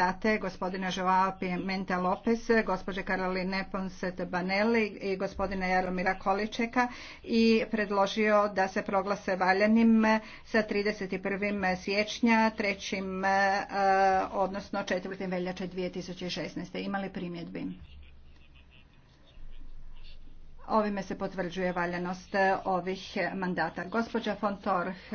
Date, gospodina Joao Pimenta Lopez, gospođe Karoline Ponset Banelli i gospodina Jaromira Količeka i predložio da se proglase valjanim sa 31. siječnja, 3. Eh, odnosno 4. veljače 2016. Imali primjedbi? Ovime se potvrđuje valjanost eh, ovih mandata. Gospođa Fontorh,